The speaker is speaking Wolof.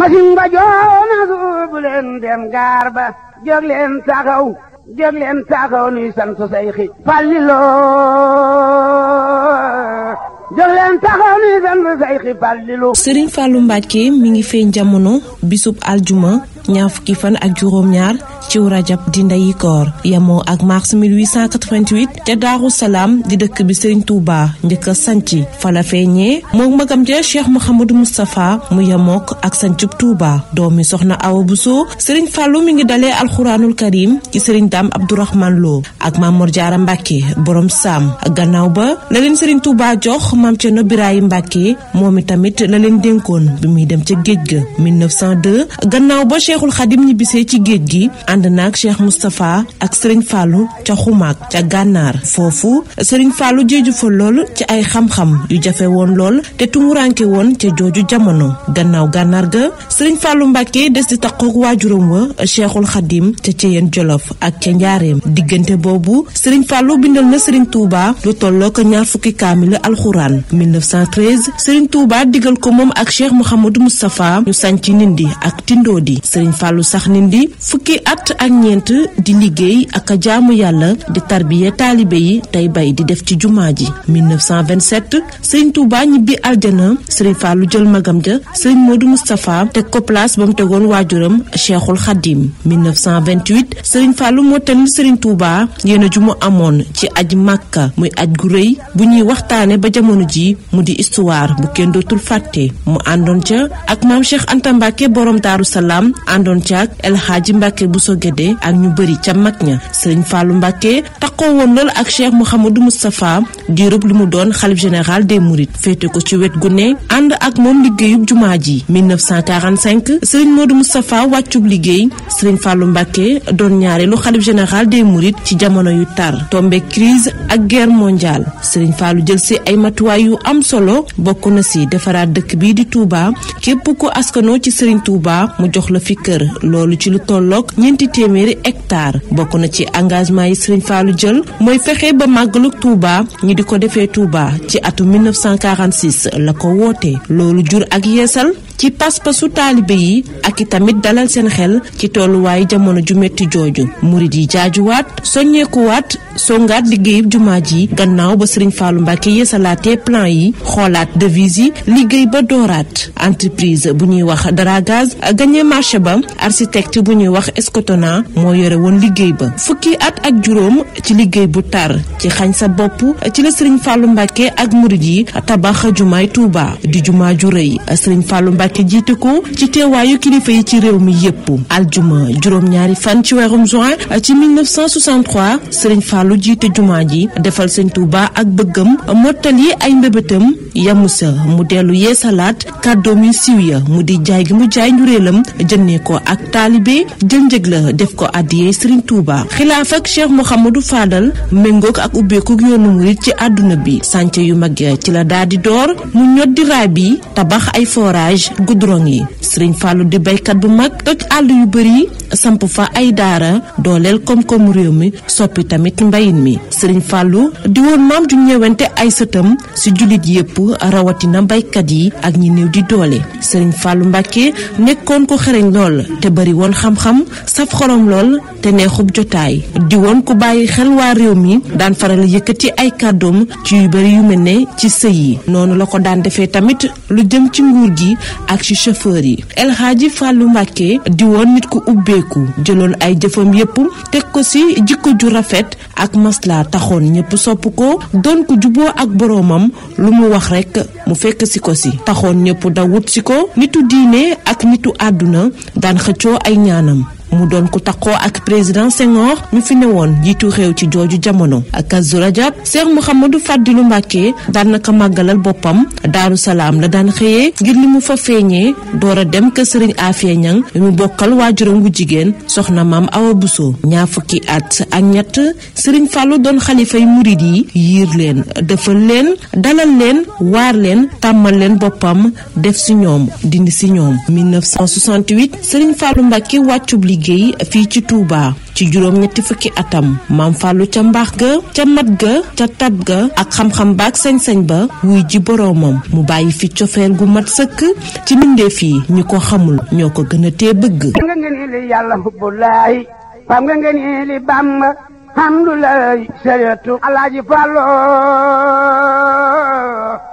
masin ba joona suubu leen dem gaar ba taxaw jóg taxaw nuy sant sayxi Fallilo jóg leen taxaw nuy sant sayxi Fallilo Serigne Fallou Mbacké mi ngi feeñ jamono bisub aljuma ñaar fukki fan ak juróom-ñaar ciw rajab di ndeyi koor yamoo ak mars 1888 ca daaru salaam di dëkk bi sëriñ Touba njëkk a sanci fala feeñee mook magam ja cheikh mouhamadou moustapha mu yamook ak sancub Touba doomi soxna awa buso sëriñ fàllu mi ngi dalee alxuraanul karim ci sëriñ daam abdourahman loo ak mamor jaara mbàkke borom saam gannaaw ba la leen sëriñ Touba jox maam Cerno Birahim Mbàkke moom i tamit la leen dénkoon bi muy dem ca géej ga gannaaw ba cheikh Seexul Xadim ñibbisee ci géej gi ànd naag Cheikh Moustapha ak Serigne Fallou ca xumaag ca gànnaar foofu seriñ Fallou jeeju fa lool ci ay xam-xam yu jafe woon lool te tumuranke woon ca jooju jamono gannaaw gànnaar ga Serigne Fallou Mbacke des di takkoog waajuram wa Cheikhul Xadim ca Ceyeen Jolof ak ca Njaareem diggante boobu Serigne Fallou bindal na Serigne Touba lu tolloo ko ñaar fukki kaamil alxuraan 1913 Serigne Touba digal ko moom ak Cheikh Mouhamadou Moustapha ñu sànci Ndindi ak sëriñ Fallou sax nindi fukki at ak ñeent di liggéey ak jaamu yàlla di tarbiya taalibe yi tey bay di def ci jumaa ji 1927 sëriñ Touba ñibbi aljana sëriñ Fallou jël magam ja sëriñ Modou Moustapha teg ko place ba mu tegoon waajuram Cheikhul Khadim 1928 sëriñ Fallou moo tànn sëriñ Touba yéen a ju amoon ci aj Màkka muy aj gu rëy bu ñuy waxtaane ba jamono ji mu di histoire bu kenn dootul fàtte mu àndoon ca ak maam Cheikh Anta Mbacke borom àndoon ci ak El Hadji Mbacke ak ñu bëri ca mag ña sëriñ Fallou Mbacke taxoo woon loolu ak Cheikh Mouhamadou Moustapha diirub lu mu doon xalif général de Mourides féete ko ci wet gu ne ànd ak moom liggéeyub jumaa ji 1945 sëriñ Modou Moustapha wàccub liggéey sëriñ Fallou Mbacke doon ñaareelu xalif général des Mourides ci jamono yu tar tombé crise ak guerre mondiale sëriñ Fallou jël ay matuwaay yu am solo bokk na si defaraat dëkk bii di Touba képp ko askanoo ci sëriñ kër loolu ci lu tolloog ñeenti téeméeri hectare bokk na ci engagement yi Serigne Fallou jël mooy fexe ba màggalu Touba ñi di ko defee Touba ci atum 1946 la ko woote loolu jur ak yeesal ci pas-pasu taalibe yi ak i tamit dalal seen xel ci tolluwaayu jamono ju metti jooju murid yi jaajuwaat soññeekuwaat songaat liggéeyub jumaa ji gannaaw ba Serigne Fallou Mbacke yeesalaatee plan yi xoolaat devise yi liggéey ba dooraat entreprise bu ñuy wax Daragaz gagné marché ba ba architecte bu ñuy wax Escotona moo yore woon liggéey ba fukki at ak juróom ci liggéey bu tar ci xañ sa bopp ci la Serigne Fallou Mbacke ak murid yi tabax jumaay Touba di jumaa ju rëy Serigne Fallou Mbacke jiite ko ci teewaayu kilifa yi ci réew mi yépp aljuma juróom-ñaari fan ci weerum juin ci 1963 Serigne Fallou jiite jumaa ji defal Serigne Touba ak bëggam mottali ay mbébétam yamu sa mu dellu yeesalaat kàddoom yu siiw ya mu di jaay gi mu jaay njuréelam jëndee ko ak taalibe jël njëg la def ko addiyee Serigne Touba xilaaf ak Cheikh Mouhamadou Fadal méngoog ak ubbeekug yoonu murit ci àdduna bi sànce yu mag ci la daal di door mu ñod di raay bi tabax ay forage goudron yi Serigne Fallou di baykat bu mag ak àll yu bëri samp fa ay daara dooleel koom-koomu réew mi soppi tamit mbayin mi sëriñ Fallou di woon maam ju ñëwante ay sëtam si jullit yépp rawatina béykat yi ak ñi néew di doole Serigne Fallou Mbacké nekkoon ko xereñ lool te bari woon xam-xam saf xorom lool te neexub jotaay di woon ku bàyyi xel waa réew mi daan faral yëkkati ay kàddoom ci yu bëri yu mel ne ci sëy yi noonu la ko daan defee tamit lu jëm ci nguur gi ak ci chauffeur yi El Hadji Fallou Mbacké di nit ku ubbeeku jëloon ay jëfam yépp teg ko ci jikko ju rafet ak masla taxoon ñépp sopp ko doon ko juboo ak boroomam lu mu wax rekk mu fekk ci ko ci taxoon ñépp dawut ci ko nitu diine ak nitu àdduna daan xëccoo ay ñaanam mu doon ku takkoo ak président Senghor ñu fi ne woon jiitu réew ci jooju jamono. ak Kazu Rajab Seex Muhammadu Fàddilu Mbàkke daan naka màggalal boppam Daaru Salaam la daan xëyee ngir li mu fa feeñee door a dem kër Sëriñ Afiya Ñang mu bokkal waajuram wu jigéen soxna maam Awa Buso ñaa fukki at ak ñett Sëriñ Fàllu doon xalifay murit yi yiir leen defal leen dalal leen waar leen tàmmal leen boppam def si ñoom dindi si ñoom 1968 Sëriñ Fàllu Mbàkke wàccub liggéey fii ci Touba ci juróom-ñetti fukki atam maam fàllu ca mbaax ga ca mat ga ca tab ga ak xam-xam baak sañ-sañ ba wuy ji boroomam mu bàyyi fi cofeel gu mat sëkk ci mbindeef yi ñi ko xamul ñoo ko gën a tee bëgg xam nga ngeen